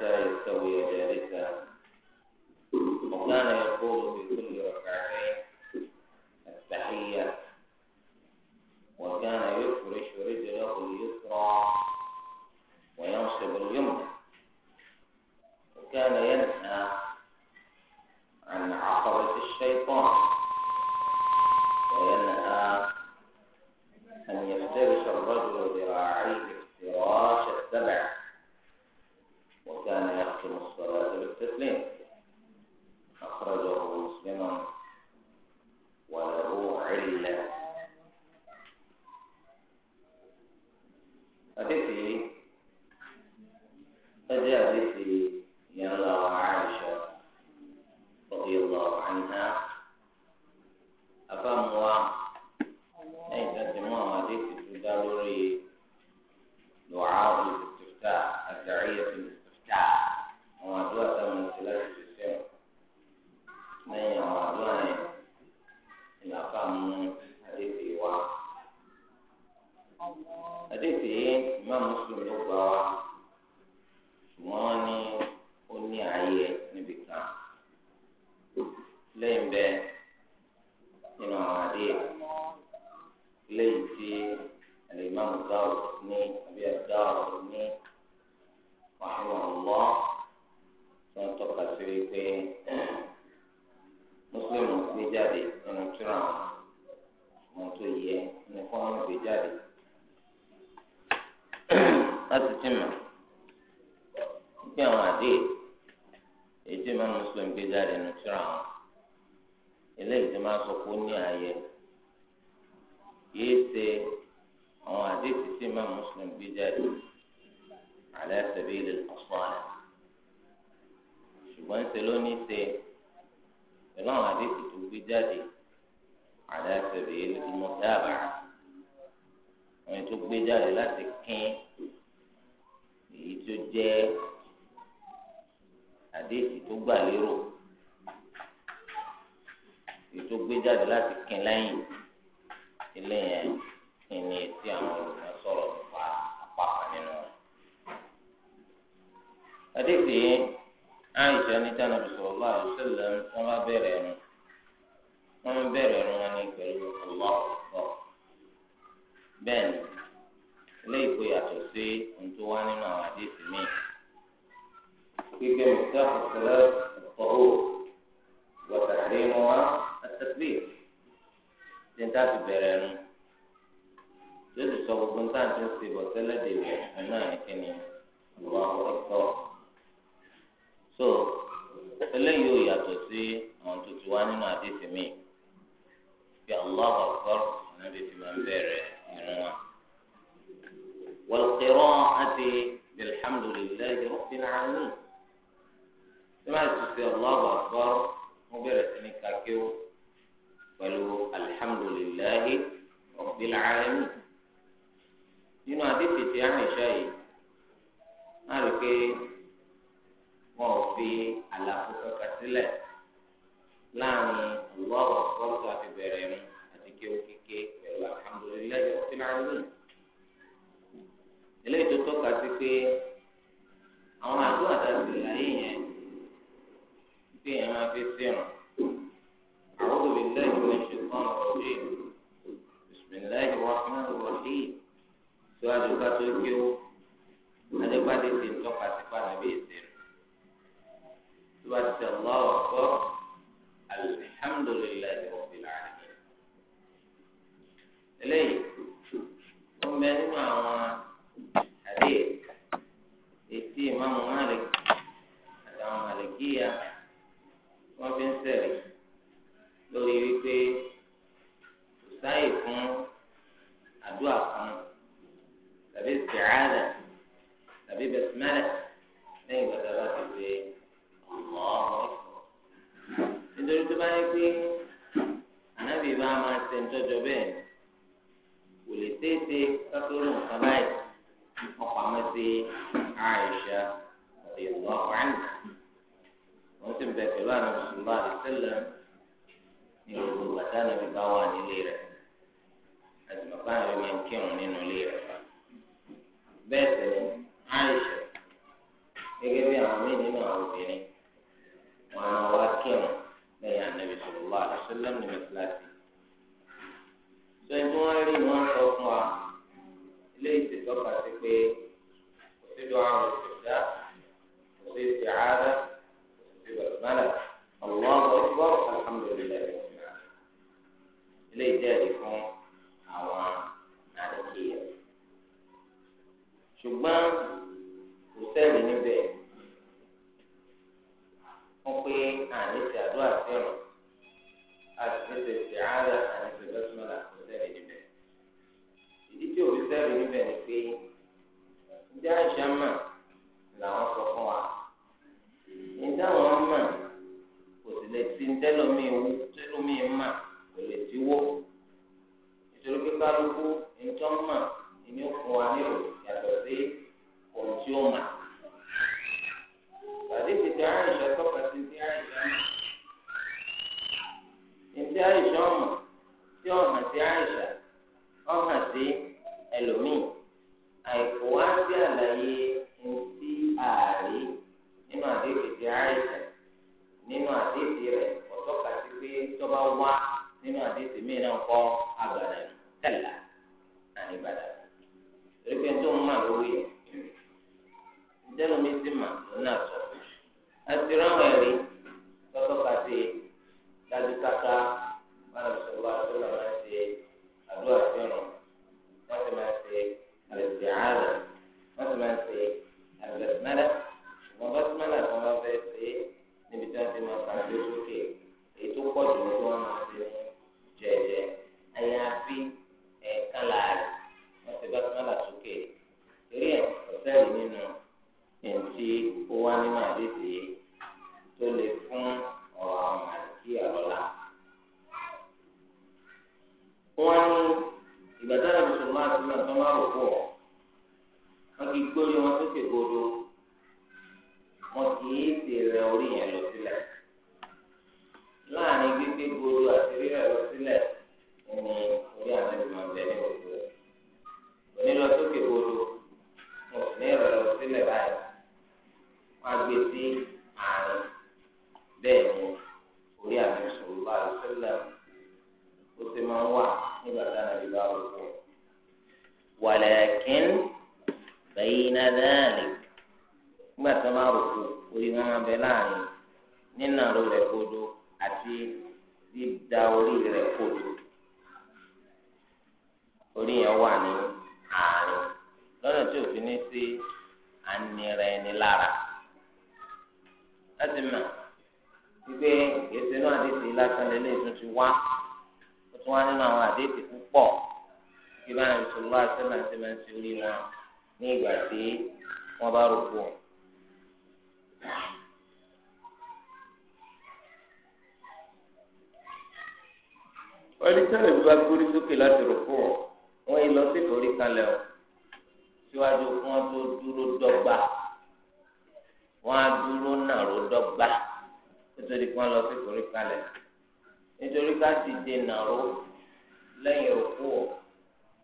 حتى يستوي جالسا وكان يقول في كل ركعتين التحية وكان يفرش رجله اليسرى وينصب اليمنى وكان ìmáà mùsùlùmí ló gbà wá. jẹ́ àdéhìí tó gbà lérò èyí tó gbé jáde láti kín lẹ́yìn ilé yẹn ìní tí àwọn olùkọ́ sọ̀rọ̀ nípa apákan nínú rẹ̀. àdéhìí yẹn àìsàn ní tànà bìsọ̀rọ̀ lọ́wọ́ àlùsọ̀lẹ̀ wọn bá bẹ̀rẹ̀ ẹ̀rùn wọn bẹ̀rẹ̀ ẹ̀rùn wọn ní pẹ̀lú ọ̀pọ̀lọpọ̀ bẹ́ẹ̀ ni. eléyìí kò yàtọ̀ sí ohun tó wá nínú àwọn àdéhùn mi gbígbé mùsàlù sọlá ìfọwọ́ wọ̀tàdé wọn àtẹ̀sí ṣe ń dábì bẹ̀rẹ̀ nu sọ gbogbo nǹkan tó ń ṣe bọ̀ tẹ́lẹ̀ ọ̀tọ̀ so eléyìí yàtọ̀ sí àwọn tó ti wá nínú mi bí ti máa ń bẹ̀rẹ̀ wa. والقراءة بالحمد لله رب العالمين ما في الله أكبر مبارة نكاكيو ولو الحمد لله رب العالمين ينو هذه تتعنى شيء نعرف ما في على فكرة الله لاني الله أكبر كافي بيرين أتكيو كيكي الحمد لله رب العالمين eléyìí tó tọ́ka sí pé àwọn àdúrà dàbí láyé yẹn bí èèyàn máa fi sírun àwọn òbí lẹ́yìn tó ń ṣe fún ọ̀rọ̀ rẹ̀ bisimilayi wa fún ọ̀rọ̀ rẹ̀ tó àdúgbà tó kí ó àdúgbà tó ti ń tọ́ka sí pàdé bí ìsirun tó bá ti sọ̀rọ̀ ọ̀kọ́ alihamudulilayi wa fi láàrin eléyìí ó mẹ́ àwọn. hadith etí ìmáàmù Malik àtàwọn màlìkíyà wọ́n fi ń sẹ̀rí lórí wípé kò fún àdúrà kan tàbí sìcáàdà tàbí bẹ̀sìmẹ́lẹ̀ lẹ́yìn gbàdá bá ti ṣe ọ̀hún. nítorí tó bá yẹ pé ànábì bá máa ṣe ń tọ́jọ bẹ́ẹ̀ kò lè tètè kákóró nǹkan báyìí. ọpamọ́ sí Aisha àti ìlú ọ̀hánì wọ́n sì ń bẹ pẹ̀lú àwọn mùsùlùmí àdìsẹ́lẹ̀ ní gbogbo bàtà níbi bá wà nílé rẹ̀ àti bàbá rẹ̀ máa ń kírun nínú ilé rẹ̀ bẹ́ẹ̀ sì ni Aisha gẹ́gẹ́ bí àwọn míì nínú àwọn obìnrin wọn máa wá kírun lẹ́yìn ànábì sọ̀rọ̀ wá ní mẹ́tíláṣí. sọ ìgbọ́n rí wọn sọ ilé ìṣèjọba ti pé kò sí dùn àwọn ìṣèjọba kò sí ìṣèjọba kò sí bàtúmọ́lá Allahu akbar alhamdulilayi ilé ìjẹ́rì fún àwọn àdókìyà ṣùgbọ́n kò sẹ́ẹ̀lì níbẹ̀ wọ́n pé àní ti àdúrà fẹ́ràn. Musa wọn lọ sọ wá sọlá máa ṣe àdúrà fẹ́ràn wọn sì máa ṣe àlẹsẹ̀ ààrẹ wọn sì máa ṣe àlẹsẹ̀mẹ́rẹ́ ṣùgbọ́n bọ́símẹ́rẹ́ kan bá fẹ́ ṣe níbi tí wọ́n ti máa kà sí sókè èyí tó pọ̀ jù ní tí wọ́n máa ṣe ní jẹ́jẹ́ àyàfi ẹ̀ẹ̀kan láàrin wọ́n ti bọ́símẹ́rẹ́ sókè eré ẹ̀ ọ̀sẹ̀ yìí nínú ẹ̀ǹtí ó wá nínú àdéhùn yìí tó lè igbó ni wọn sókè gbòdo wọn kì í sì rẹ orí yẹn lọ sílẹ̀ láàrin gbígbé gbòdo àti àdáàlì nígbà tí wọn máa rò kú orí wọn máa bẹ láàrin nínà ro rẹ kodo àti dídá orí rẹ kodo orí yẹn wà ní àárín lọ́nà tí òfin ní sí ànira ẹni lára láti mọ̀ wípé gbèsè náà àdéhùn lásán lélẹ́yìn tó ti wá ó tún wá nínú àwọn àdéhùn púpọ̀ kí báyìí sọlá àti sẹ́nà àti mẹ́tì orí wọn ní ìgbà tí wọ́n bá rògbò wọn. wọ́n tẹ́lẹ̀ bí wọ́n gbórí sókè láti rò fún ọ wọ́n yìí lọ sí ìtòrí kalẹ̀ ọ síwájú fún wọn tó dúró dọ́gba wọ́n á dúró nàró dọ́gba nítorí kí wọ́n lọ sí ìtòrí kalẹ̀ nítorí ká dìde nàró lẹ́yìn òkú ọ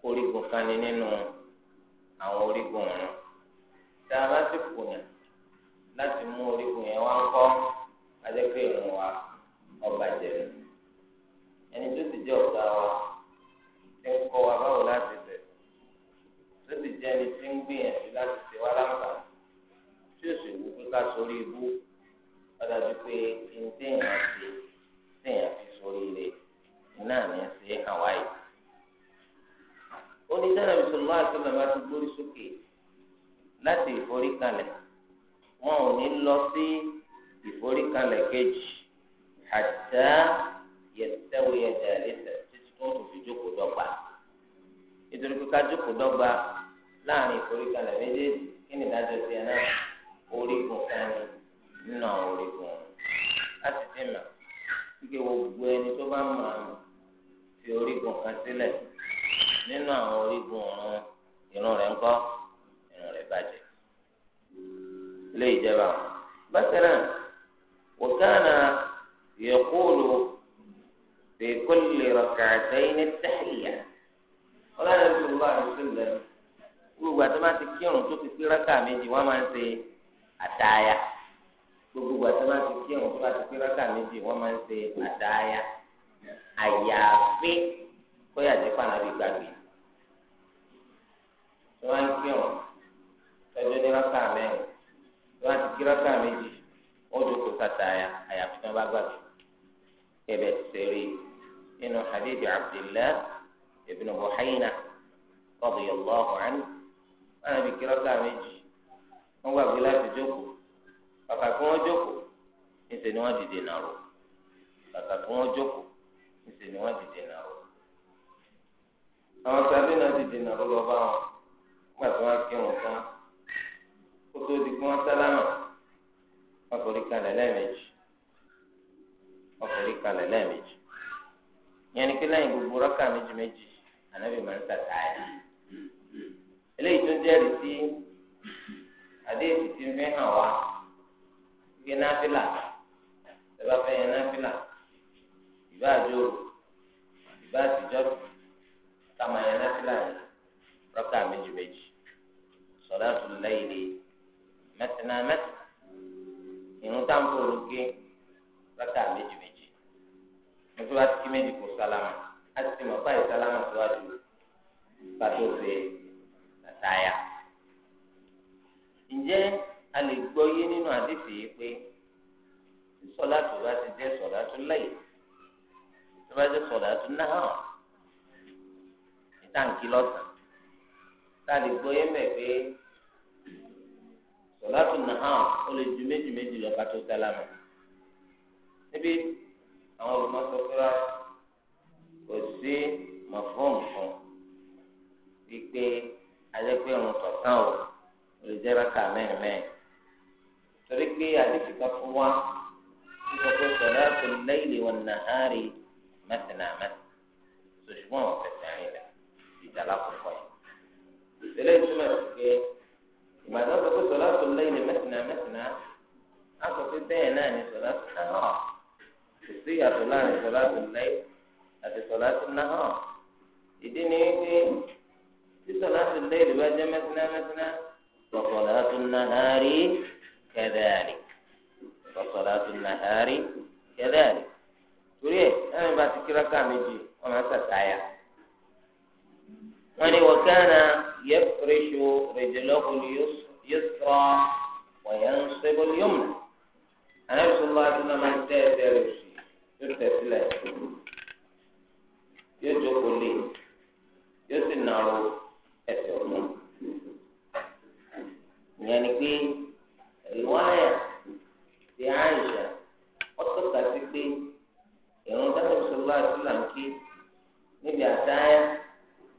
koríko kan ní nínú wọn àwọn orígun ọ̀run tá a bá ti kùnà láti mú orígun yẹn wá ń kọ́. ìforíkalẹ̀ wọn ò ní lọ sí ìforíkalẹ̀ kejì hatta yastawiya jalisa títí tó ń fi jókòó dọ́gba nítorí pé ká jókòó dọ́gba láàrin ìforíkalẹ̀ méjèèjì kí ni ìdájọ́ tiẹ̀ náà orígun kan nínú àwọn orígun láti ti mà kíkẹ́ gbogbo ẹni tó bá mọ̀ ọ́n fi orígun kan sílẹ̀ nínú àwọn orígun ọ̀run ìran rẹ̀ ń kọ́ ilé ìjẹba bákan náà wa kana yaqulu fi kulli rak'atayn at-tahiyya ọlọ́run ṣe wá ìṣẹ̀lẹ̀ gbogbo àti máa ti kírun tó ti pé rákà méjì wọ́n máa ń ṣe àtàyà gbogbo àti máa ti kírun tó bá ti pé rákà méjì wọ́n máa ń ṣe àtàyà àyàfi kóyà jẹ́ pànàbí gbàgbé wọ́n á kírun tọ́jú ní rákà mẹ́rin wọn ti kíra ká méjì wọn jò kó sàtàyà àyàfi tí wọn bá gbàgbé kẹbẹ sẹrí nínú hadithi abdullahi ibn buhayna radiyallahu anhu wọn ti kíra ká méjì wọn gbàgbé láti jókòó kàkà kí wọn jókòó níṣẹ ni wọn dìde nàró kàkà kí wọn jókòó níṣẹ ni wọn dìde nàró àwọn sábẹ́ náà dìde nàró lọ bá wọn gbàgbé wọn kírun tán. kótó di kí wọ́n sálámà wọ́n forí kalẹ̀ lẹ́ẹ̀mejì wọ́n forí kalẹ̀ lẹ́ẹ̀mejì ìyẹn ni pé lẹ́yìn gbogbo rákà méjì ànábì máa ń sàtáyà eléyìí tó jẹ́rìí sí àdéhùn ti fi hàn wá gbé náfìlà fẹ́ yẹn náfìlà ìbá ìbá àtijọ́ kàmá yẹn náfìlà mẹtìnà mẹtì ìrún táǹpù olùkí rákà méjì méjì nítorí wá sí kí méjì kò sálámà á sì mọ̀ báyìí sálámà síwájú pàtó ṣe àtàyà. ǹjẹ́ a lè gbọ́ yé nínú àdìsí yìí pé sọlá tó bá ti jẹ́ sọlá tó lẹ́yìn tó bá jẹ́ sọlá tó náà ìtàǹkì lọ́sàn-án tá a lè gbọ́ yé mẹ́ pé sọláàtù nàá ó lè ju méjì méjì lọ kátó sálámà níbi àwọn olùmọ̀sọ́kúra kò sí mọ̀fóònù fún wípé ajẹ́pẹ́ ọ̀run tọ̀sán o lè jẹ́ rákà mẹ́rin mẹ́rin torí pé àdìsí kan fún wa sísọ pé sọláàtù láyli wan nàárì mẹ́tìnà mẹ́tì sọ̀ṣùgbọ́n ọ̀fẹ́ sẹ́yìn rẹ̀ ìjà lákòókò yẹn. ìṣẹ̀lẹ̀ ìtumọ̀ sí ìgbà tó sọ pé sọlá tó lẹ́yìn mẹ́tìnà mẹ́tìnà á sọ pé bẹ́ẹ̀ náà ni sọlá tó náà hàn kò sí ìyàtọ̀ láàrin sọlá tó lẹ́yìn àti sọlá tó náà hàn ìdí ni wípé tí sọlá tó lẹ́yìn bá jẹ́ mẹ́tìnà mẹ́tìnà sọ̀tọ̀lá tó náà rí kẹ́dẹ́rì sọ̀tọ̀lá tó náà rí kẹ́dẹ́rì torí ẹ̀ ẹ̀rìn bá ti kíráká méjì wọn máa ń sàtáyà wọn ni wọ́n kẹ́ يفرش رجله اليسرى وينصب اليمنى أنا رسول الله صلى الله عليه وسلم يرتسل يجوك لي يسنعه أسرنا يعني في رواية في عائشة وتقطع في ìrún tẹ́lẹ̀ sọ́lá àti làǹkì níbi àtàyà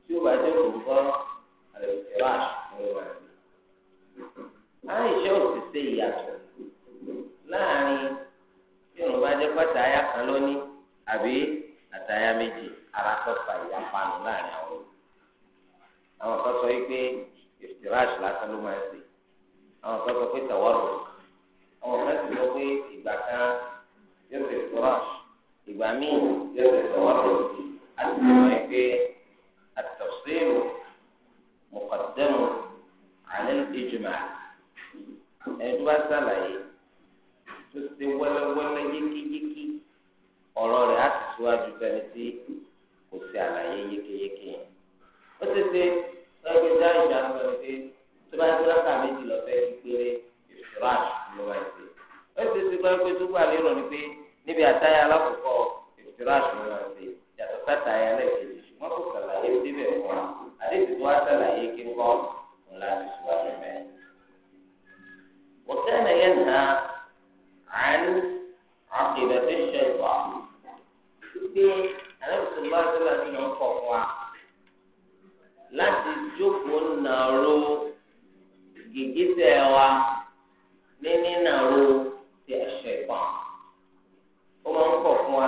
tí ó bá jẹ́ òkú pé àlọ́sọ̀ máa ń ní wọn kọ̀ fún wa láti jókòó nàró gègésẹ̀ wa ní nínàró ti ẹ̀ṣẹ̀ ó máa ń kọ̀ fún wa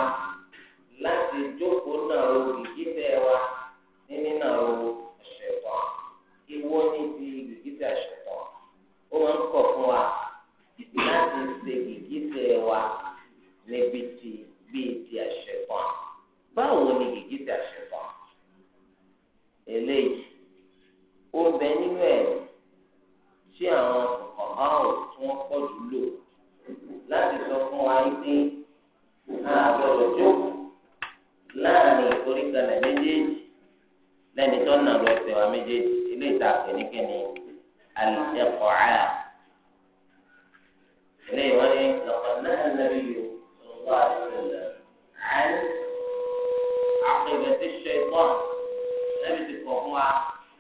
láti jókòó nàró gègésẹ̀ wa ẹ̀ṣẹ̀ ìwọ ti gègésẹ̀ ẹ̀ṣẹ̀ ó báwo ni gègédà ṣe wà eléyìí ó bẹ nínú ẹ tí àwọn ọ̀hánwò tí wọ́n pọ̀ jù lò láti sọ fún wa pé àgbọ̀dọ̀ jókòó láàrin ìforíkalẹ̀ méjèèjì lẹ́ni tó nà lọ ẹsẹ̀ wa méjèèjì eléyìí tá a pè ní kíni alẹ́kọ̀ọ́ àyà eléyìí wọ́n ní lọ́kọ̀ọ́ náà lẹ́bi yòó lọ́wọ́ àti ìṣẹ̀lẹ̀ àyà àpèbẹ̀tì ṣẹ̀gbọ́n lẹ́bi ti pọ̀ fún wa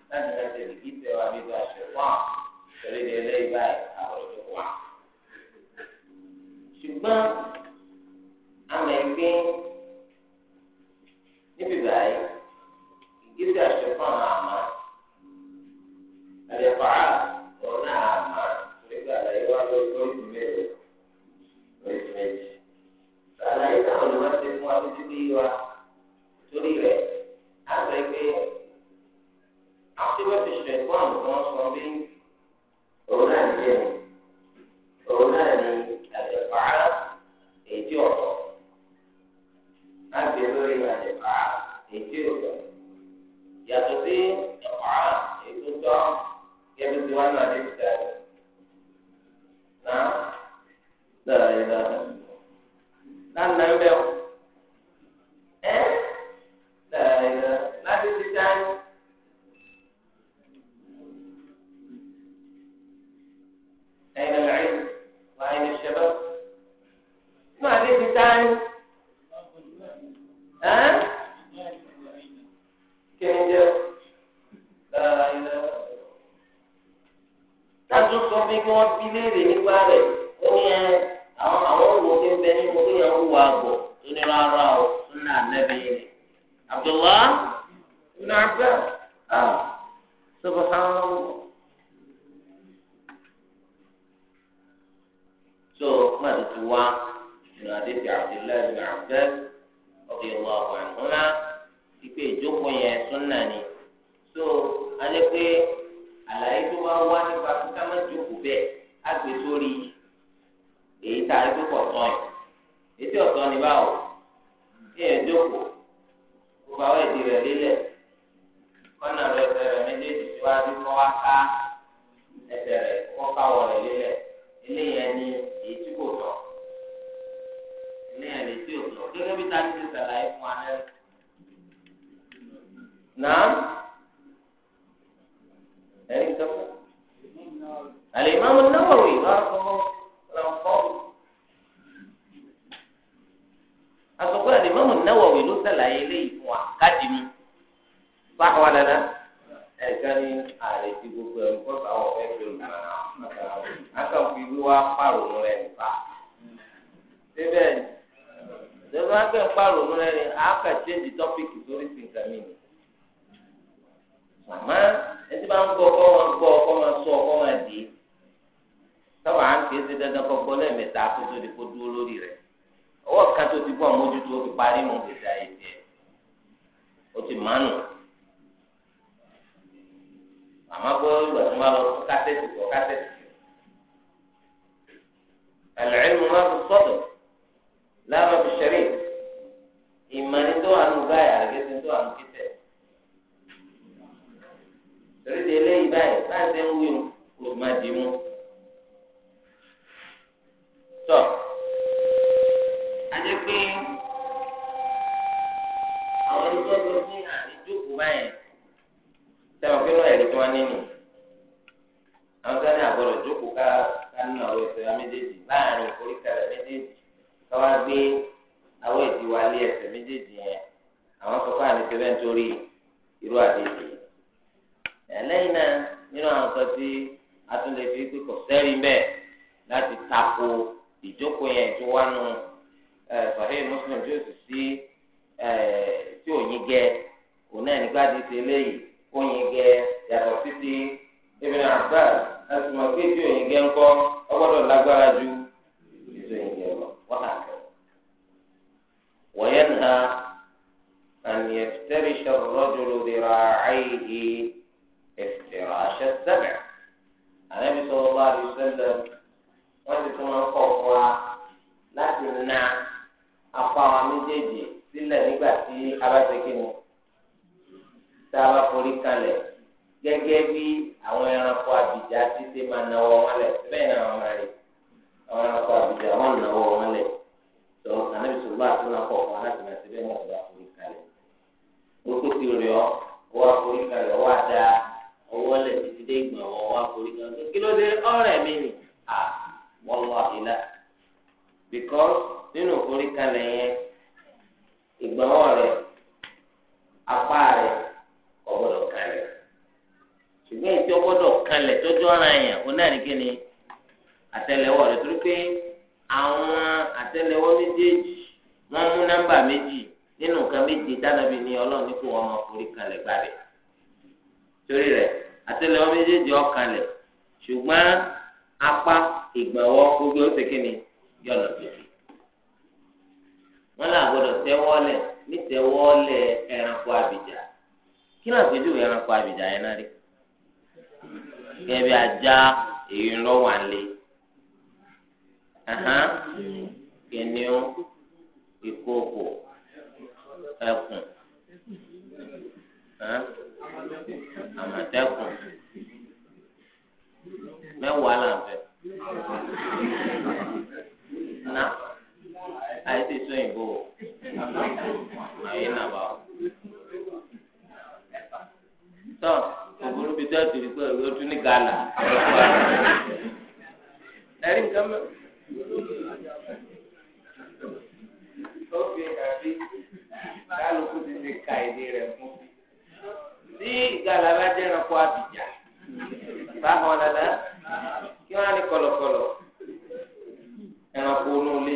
láti ká tẹ̀lé kí tẹ̀ wá bí ba ṣẹ̀gbọ́n tẹ̀lé ní ẹlẹ́yìn báyìí àwọn ọ̀dọ́ wa. ṣùgbọ́n àmọ̀ ẹgbẹ́ níbi báyìí ìgbésẹ̀ àṣẹ gẹ́gẹ́ bí táyì ti sàlàyé fún wa náà. Nàá ẹ̀rí sọ́kù. Al-Imam An-Nawawi lọ́rọ̀ change topic sórí sìnkà mi ni. màmá ẹtí bá ń gbọ́ ọkọ wọn gbọ́ ọkọ wọn sọ ọkọ wọn dì í sábà á ń kí ẹsẹ̀ dandan kọ́ gbọ́ lẹ́ẹ̀mẹ́ta kó tó di kó dúró lórí rẹ̀ ọwọ́ kan tó ti bọ́ àmójútó ó fi parí nù gbèsè ayé tiẹ̀ ó ti mánu màmá gbọ́ ìgbà tí wọ́n lọ fún kásẹ̀tì kọ́ kásẹ̀tì ẹ̀lẹ́rìí mo máa fi sọ́dọ̀ láàbà fi ṣẹ̀rí ìmọ̀ni tó wà nù báyà àgbẹ̀sẹ̀ tó wà nù kíkẹ́. torí de báyìí báyìí ṣe ń wí o mú. àkọọ́lẹ̀ ẹranko àbìjà kí náà fojú ẹranko àbìjà yẹn náà rí gẹ́gẹ́ ajá èyí ń lọ wà lé kìnìún ìkookò ẹkùn àmọ̀tẹ́kùn mẹ́wàá là ń fẹ́ àìsè sọ ìbò àyè nàbà o. tọ́ òbúrú bíi tẹ́tù rí pé o tún ní gàlà. ẹ̀rí nǹkan mọ́. ó fi hàn bí kálukú ti ti ka èdè rẹ̀ fún. tí gàlà bá jẹ́ ẹranko àbíjà báwọn dada kí wọ́n á ní kọ̀lọ̀kọ̀lọ̀ ẹranko onú ilé.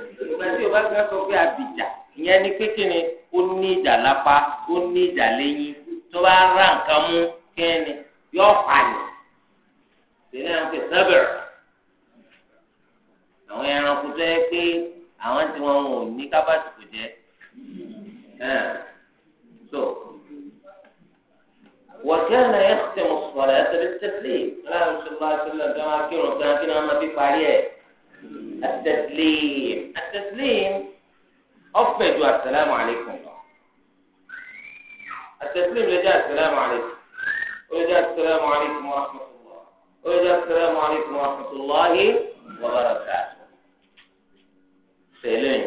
ìgbà tí yorùbá kan sọ pé àbíjà ìyẹn ni pé kí ni ó ní ìjà lápá ó ní ìjà lẹ́yìn tó bá ra nǹkan mú kí ni yóò pààyàn tẹ́lẹ̀ àwọn fẹ́ sẹ́bẹ̀rẹ̀ àwọn ẹranko tó yẹ pé àwọn tí wọn ò ní kábàtì jẹ so wọ́kẹ́lá ẹ̀ ṣe mọ̀sọ̀rọ̀ ẹ̀ ṣe lè tẹ̀lé aláàbùsọ̀rọ̀ àti ìlànà kírun kan kí ni wọ́n máa fi parí ẹ̀. التسليم التسليم أفضل السلام عليكم التسليم لجاء السلام عليكم وجاء السلام عليكم ورحمة الله وجاء السلام عليكم ورحمة الله وبركاته سلام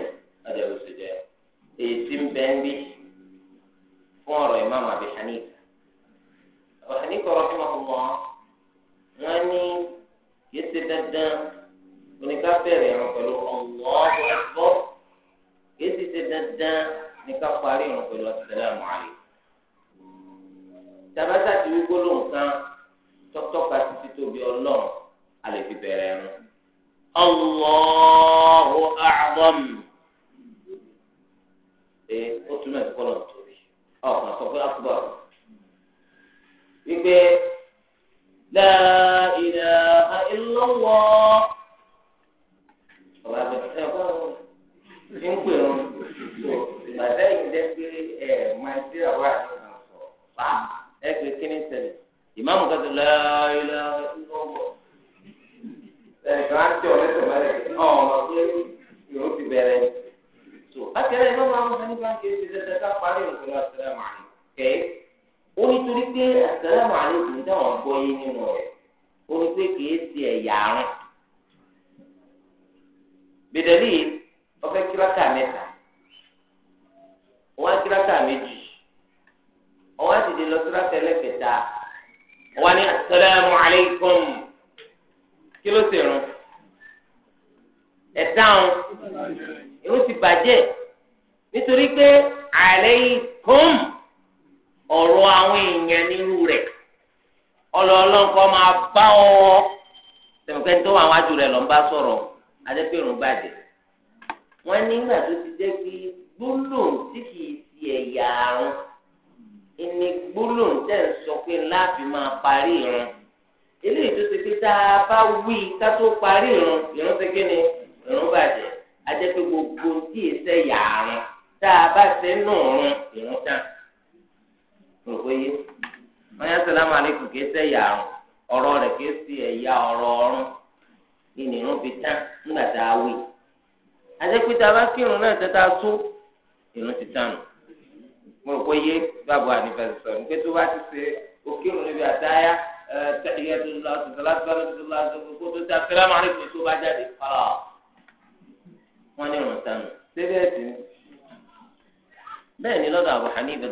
pé àsàlámù àlékún táwọn gbọ́ yé nínú rẹ̀ ó ní pé kìí ti ẹ̀yà àrùn. bìdẹ̀lì ọ̀fẹ́ kíráka mẹ́ta wọ́n á kíráka méjì wọ́n á dìde lọ kíráka ẹlẹ́kẹta wọ́n á ní àsàlámù àlékún kí ló ti rún ẹ̀dáhùn ìrún ti bàjẹ́ nítorí pé àlékún ọ̀rọ̀ àwọn èèyàn nírú rẹ̀ ọlọ́ọ̀lọ́kọ́ máa bá ọ tẹ̀wọ̀kẹ́ tó wà wájú rẹ̀ lọ ń bá sọ̀rọ̀ adẹ́pẹ̀rún bàjẹ́ wọ́n nígbà tó ti jẹ́ pé gbólóhùn tí kìí ti ẹ̀yà àrùn ìní gbólóhùn tẹ̀ ń sọ pé láàfin máa parí ìrun eléyìí tó ti pé tá a bá wí ká tó parí ìrun ìrun ti kíni ìrun bàjẹ́ adẹ́pẹ̀ gbogbo tí èsẹ̀ yà àrùn tá a bá ṣe nù ọ̀run ìrun tán. rò pé yé wọn yẹ sàlámù alaykum kìí ṣe ọrụ ọrụ ọ̀rọ̀ rẹ̀ kìí ọrụ ọrụ ọ̀rọ̀ ọ̀run ìnìrún fi tán nígbà tá a wí adékúta bá kírun náà tẹ́tà tó ìrún ti tán mo rò nígbà tó bá ti ṣe níbi tó lọ lọ kó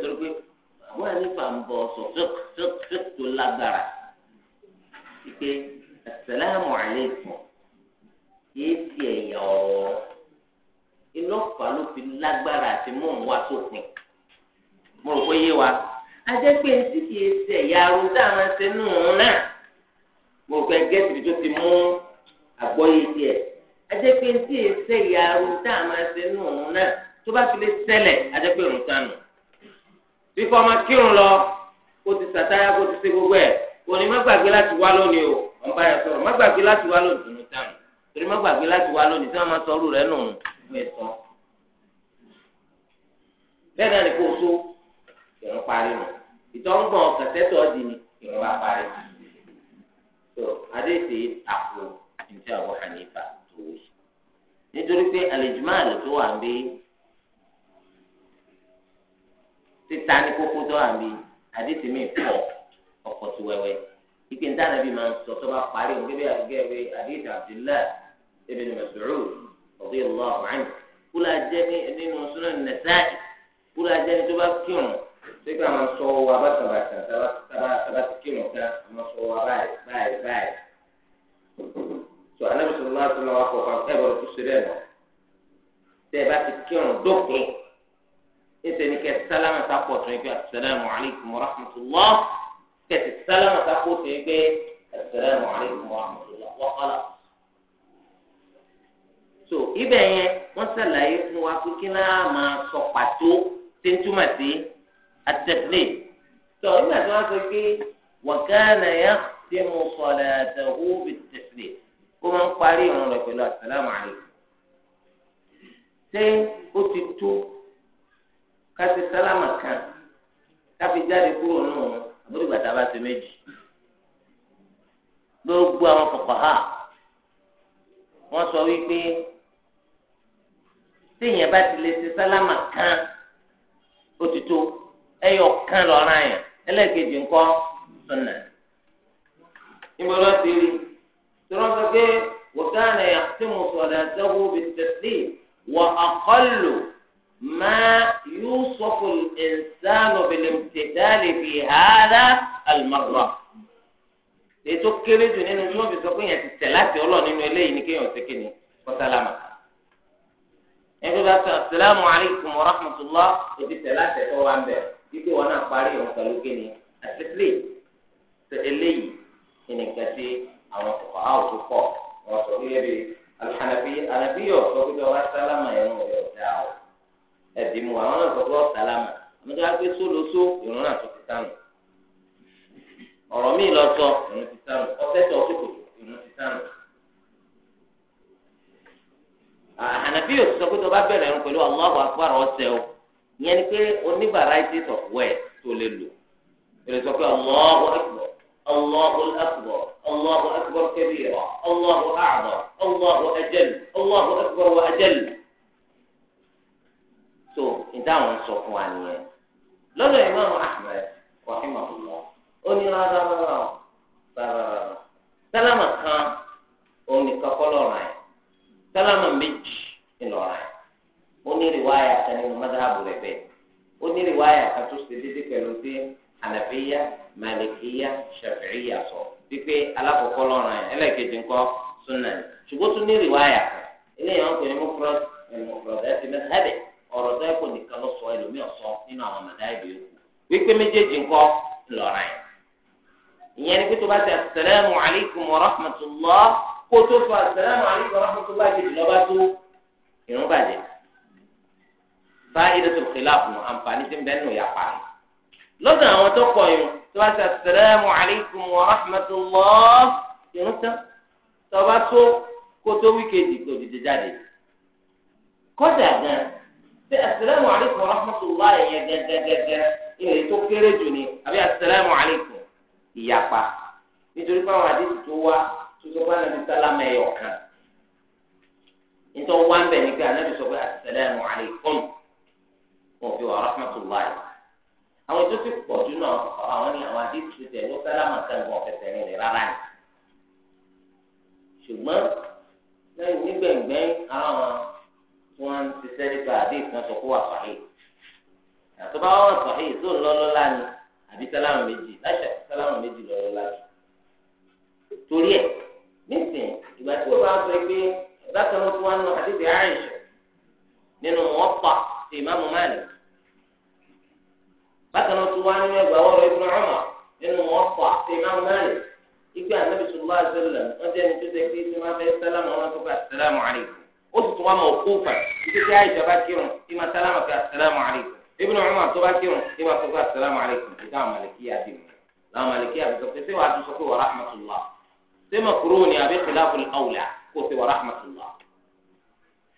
tó tó àbúrò ẹni fà ń bọ ọsọ fík fík fík tó lágbára ike asalaamu aleykum yéé ti ẹ̀yà ọ̀rọ̀ iná fà ló fi lágbára àti mú òun wá sópin mo rò pé yé wa ajẹ́pẹ́ tí kìí ṣe ẹ̀yà aró tá a máa ṣe nù ún náà mo rò pé gẹ́tì tó ti mú àgbọ́yé tiẹ̀ ajẹ́pẹ́ tí kìí ṣe ẹ̀yà aró tá a máa ṣe nù ún náà tó bá fi lè ṣẹlẹ̀ ajẹ́pẹ́ òun sànù fífọ́ ọmọ kírun lọ kó ti sàtáyà kó ti ṣe gbogbo ẹ̀ kò ní má gbàgbé láti wá lónìí o wọn bá yà sọ̀rọ̀ má gbàgbé láti wá lónìí dùnú tánu torí má gbàgbé láti wá lónìí tí wọn máa sọ ọrú rẹ nù ẹ sọ. bẹ́ẹ̀ náà ni kò so ìrún parí nù ìtọ́ ń gbọ̀n kẹ̀tẹ́tọ̀ ọ́ di ni ìrún bá parí. tó adé ṣe àpò ìṣe àwọn àníbà tó wù. nítorí pé àlejò máa lè tó wà ń bẹ́ẹ́. títa ní kókó tó hàn bí àdìsí mi pọ̀ ọ̀pọ̀ tó wẹ́wẹ́ ike ń dáná bí máa ń sọ tó bá parí òun gẹ́gẹ́ gẹ́gẹ́ àdìsí Abdullah ibn Mas'ud radiyallahu anhu kúlà jẹ́ nínú Sunan Nasa'i kúlà jẹ́ ní tó bá kírun sígbà máa sọ wa bàtàbàtà tábà ti kírun ká máa sọ wa báyìí báyìí báyìí tó anábìsọ̀ lọ́wọ́ àti lọ́wọ́ àkọ́kọ́ ẹ̀ bọ̀dọ̀ tó ṣe bẹ́ẹ̀ náà tẹ́ ẹ bá ti kírun dópin ètò ẹni kẹ sálámà sápò tó ń pè asalaamu alaykum wa rahmatulah kẹ ti sálámà sápò tó ń pè asalaamu alaykum wa rahmatulah wa kala. so ibẹ̀ yẹn wọ́n ṣàlàyé fún wa pé kí náà máa pàtó tí ń túmọ̀ sí atẹ́pẹ́lẹ́ tó nígbà tí wọ́n sọ pé wàkàna yá ti mú sọ̀lá àtàwọ̀ bìtẹ́pẹ́lẹ́ ó máa ń parí ìrun rẹ̀ asalaamu alaykum. ṣé ó ti tó? kasi sálámà kan káfi jáde kúrò nù àbúrò gbàtà bá ti méjì gbogbo àwọn kọkọ ha wọn sọ wípé téèyàn bá ti lè ṣe sálámà kan ó ẹyọ kan lọ́ra yẹn ẹlẹ́ẹ̀kejì ńkọ́ sọ̀nà níbo ti rí tọ́lá sọ pé wọ́n káàní àti mùsọ̀lá ẹ̀dẹ́gbò bíi tẹ̀sí wọ́n àkọ́lù. ما يوصف الإنسان بالامتثال في هذا المرة ètò kéré jù nínú tí wọn fi sọ pé yẹn ti tẹ láti Ọlọ́run nínú eléyìí ni kéèyàn ṣe kéèyàn kọ sálámà ẹgbẹ́ bá sọ asalaamu alaykum wa rahmatulah ebi tẹ láti ẹkọ wa ń bẹ wípé wọn náà parí ọ̀hún pẹ̀lú kéèyàn àti play ṣe eléyìí ìnìkan sí àwọn ọkọ àwọn tó pọ̀ wọn sọ wípé alhànàbí alhànàbí yọ sọ pé tí wọn bá sálámà yẹn wọn ẹbí mu àwọn náà sọ pé ọ̀sálámà tó wá pé sólóso ìrún náà tó ọ̀rọ̀ míì lọ sọ ìrún ti sànù ọ̀sẹ̀tọ̀ ọ̀sọ̀kò ìrún ti sànù. yóò sọ pé tó bá bẹ̀rẹ̀ ẹ̀rùn pẹ̀lú ọ̀sẹ̀ o ìyẹn ni pé tó lè lò sọ pé dáhùn sọ fún wa nìyẹn lọ́dọ̀ ìmáàmù Ahmed rahimahullah ó ní rárá rárá o sálámà kan òun nìkan kọ́ ẹ̀ sálámà méjì ẹ̀ ó ní rìwáyà kan nínú mọ́tàbù rẹ̀ bẹ́ẹ̀ ó ní rìwáyà kan tó ṣe pẹ̀lú pé sọ wípé alákọ̀ọ́kọ́ ẹ̀ ńkọ́ ṣùgbọ́n tún ní rìwáyà kan eléyàwó ẹ̀ ọ̀rọ̀ tó ẹ̀kọ́ nìkan ló sọ ẹlòmíì ọ̀sọ́ nínú àwọn màdáìbì yòókù wípé méjèèjì ńkọ́ ńlọrọ̀ yẹn ìyẹn ni pé tó bá ti asalaamu alaykum wa rahmatulah kó tó fa asalaamu alaykum wa rahmatulah ti di lọ́ba tó ìrún bàjẹ́ fáyidé tó xìlá fún àǹfààní tí ń bẹ́ẹ̀ nù yà pààyàn lọ́dọ̀ àwọn tó kọ̀ yìí tó bá ti asalaamu alaykum wa rahmatulah ìrún tán tọ́ba tó kó tó wíkẹ́ẹ̀dì kò dìde jáde kọ́dà ṣé asalaamu alaykum wa rahmatullahi yẹn gẹ́gẹ́gẹ́gẹ́ ìrìn tó kéré jù ni àbí asalaamu alaykum ìyapa nítorí pé àwọn àdéhùn tó wá tuntun bá nàbí sálámà ẹ̀yọ̀ kan nítorí wá ń bẹ̀ ní pé ànábì sọ pé asalaamu alaykum wọn fi wà rahmatullahi àwọn tó ti pọ̀ jù náà àwọn ni àwọn àdéhùn ti tẹ̀ ló sálámà kan gbọ̀n fẹsẹ̀ nílẹ̀ rárá ni ṣùgbọ́n lẹ́yìn nígbẹ̀ngbẹ́ àwọn wọ́n ti sẹ́ni pa àdéhùn na sọ kó wà sọ̀hìn. àtọ́ bá wà sọ̀hìn tó ń lọ́lọ́lá àbí sálámù méjì láṣà sálámù méjì lọ́lọ́lá jù. torí ẹ̀ nísìn ìgbà tí wọ́n bá sọ pé ló nù àìṣọ nínú wọn pa bákan wá nínú ọmọ nínú wọn pa ẹni tó pé fẹ́ sálámù ó sì tún wá mọ̀ òkú fà títí tí àìsàn bá kírun tí máa sálámà pé asalaamu aleykum ibùdó àwọn ọmọ tó bá kírun tí máa sọ pé asalaamu aleykum tí táwọn màlìkí yà dì mí làwọn màlìkí yà sọ pé ṣé wàá tún sọ pé wà rahmatullah ṣé mà kúrò ní àbí khilafu awla kó o ṣe wà rahmatullah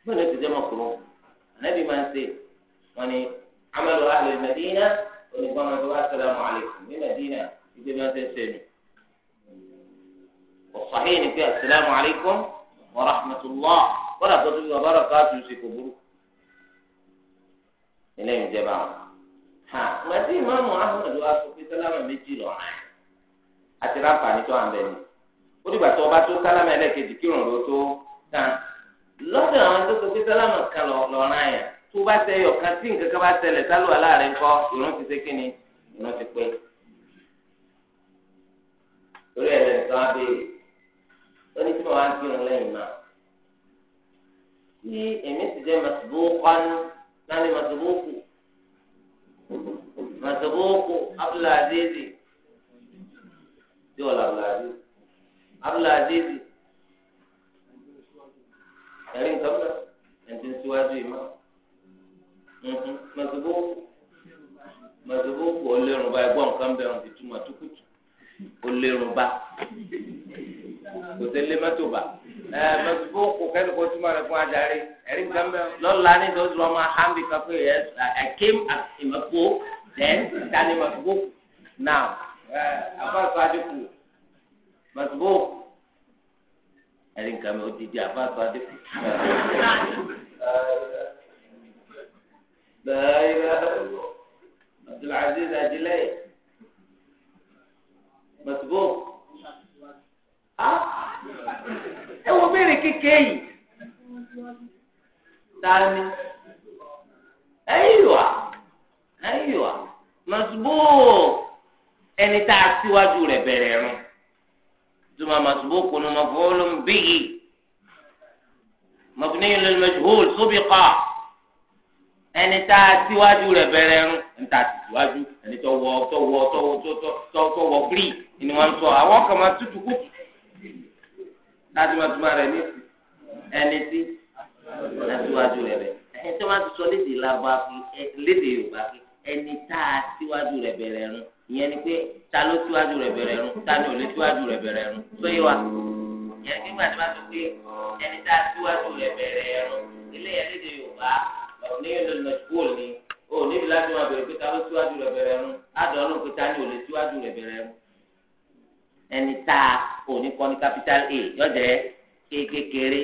bẹ́ẹ̀ ló ti jẹ́ mà kúrò ànábì máa ń ṣe wọn ni amalu ahli madina onígbàmọ̀ tó bá asalaamu aleykum ní madina ìgbé máa ń ṣe ṣe nù wọ́n sàhíìn ní pé asalaamu aleykum wa rahmatullah. kódà tó tóbi bàbá rẹ̀ káàtó ṣe kò burú eléyìí jẹ báwọn. màtí ìmáàmù ahmed wa sọ pé sálámà méjì lọ́rùn àti ráǹfààní tó à ń bẹ ni ó dìgbà tó ọba tó sálámà ẹlẹ́kejì kírun ló tó tán lọ́dọ̀ àwọn tó sọ pé sálámà kan lọ́rùn àyàn tó bá tẹ ọ̀kan tí nǹkan kan bá tẹlẹ̀ sálù aláàrẹ̀ ńkọ́ ìrún ti ṣe kíni ìrún ti pé. torí ẹ̀rẹ̀ nǹkan á béèrè ó ní tí mo wá ń kírun lẹ́yìn náà tí èmi sì jẹ́ màtìbókan láti màtìbókù màtìbókù abdulazizi tí wọ́n lọ abdulazizi abdulazizi ẹ̀rí nǹkan mọ́ ẹ̀ńtí síwájú ìmọ̀ màtìbókù màtìbókù ọlẹ́rùn báyìí gbọ́ nǹkan bẹ̀rù ti túmọ̀ tukutu ó lérun bá kò sí lé mọ́tò bá ẹ mọ́tò bó kò kẹ́ni kò túmọ̀ rẹ̀ fún adarí ẹ̀rí nǹkan bẹ́ẹ̀ lọ́la ní tó lọ́mọ ahámbi kan pé yẹ ẹ kéem ìmọ̀kó then tani mọ́tò bó now afáàtò adékù mọ́tò bó ẹ̀rí nǹkan bẹ́ẹ̀ odidi afáàtò adékù. لا إله إلا الله عبد العزيز أجليه mọ̀tòbó ẹ wo béèrè kékeré yìí tani ẹyìwà ẹyìwà mọ̀tòbó ẹni tá a síwájú rẹ̀ bẹ̀rẹ̀ rún tuma mọ̀tòbó kunu maf'ulun bihi mabniyyun lil majhul subiqa ẹni tá a tiwájú rẹ̀ bẹ̀rẹ̀ ẹrún ẹni tá a ti tiwájú ẹni tó wọ tó wọ tó tó tó tó wọ gírì ni wọ́n ń sọ àwọn kan máa tutù kú láti máa túmọ̀ rẹ̀ ní ẹni tí aṣíwájú rẹ̀ bẹ̀rẹ̀ ẹni tó máa ti sọ léde làbá fún léde Yorùbá fún ẹni tá a tiwájú rẹ̀ bẹ̀rẹ̀ ẹrún ìyẹn ni pé ta ló tiwájú rẹ̀ bẹ̀rẹ̀ ẹrún ta ni ò lè tiwájú rẹ̀ bẹ̀rẹ̀ ẹrún tó yẹ wa ìyẹn nígbà tí wọ́n sọ pé ẹni tá a tiwájú rẹ̀ bẹ̀rẹ̀ ẹrún ilé yẹn léde Yorùbá ọ̀nìyàn ló lọ gbóòl ni o níbi láti máa bẹ̀rẹ̀ pé ta ló síwájú rẹ̀ bẹ̀rẹ̀ ẹ̀rún àdánù pé ta ni ò lè síwájú rẹ̀ bẹ̀rẹ̀ ẹ̀rún ẹni tá a ò ní kọ́ ní capital a yọjẹ́ kékeré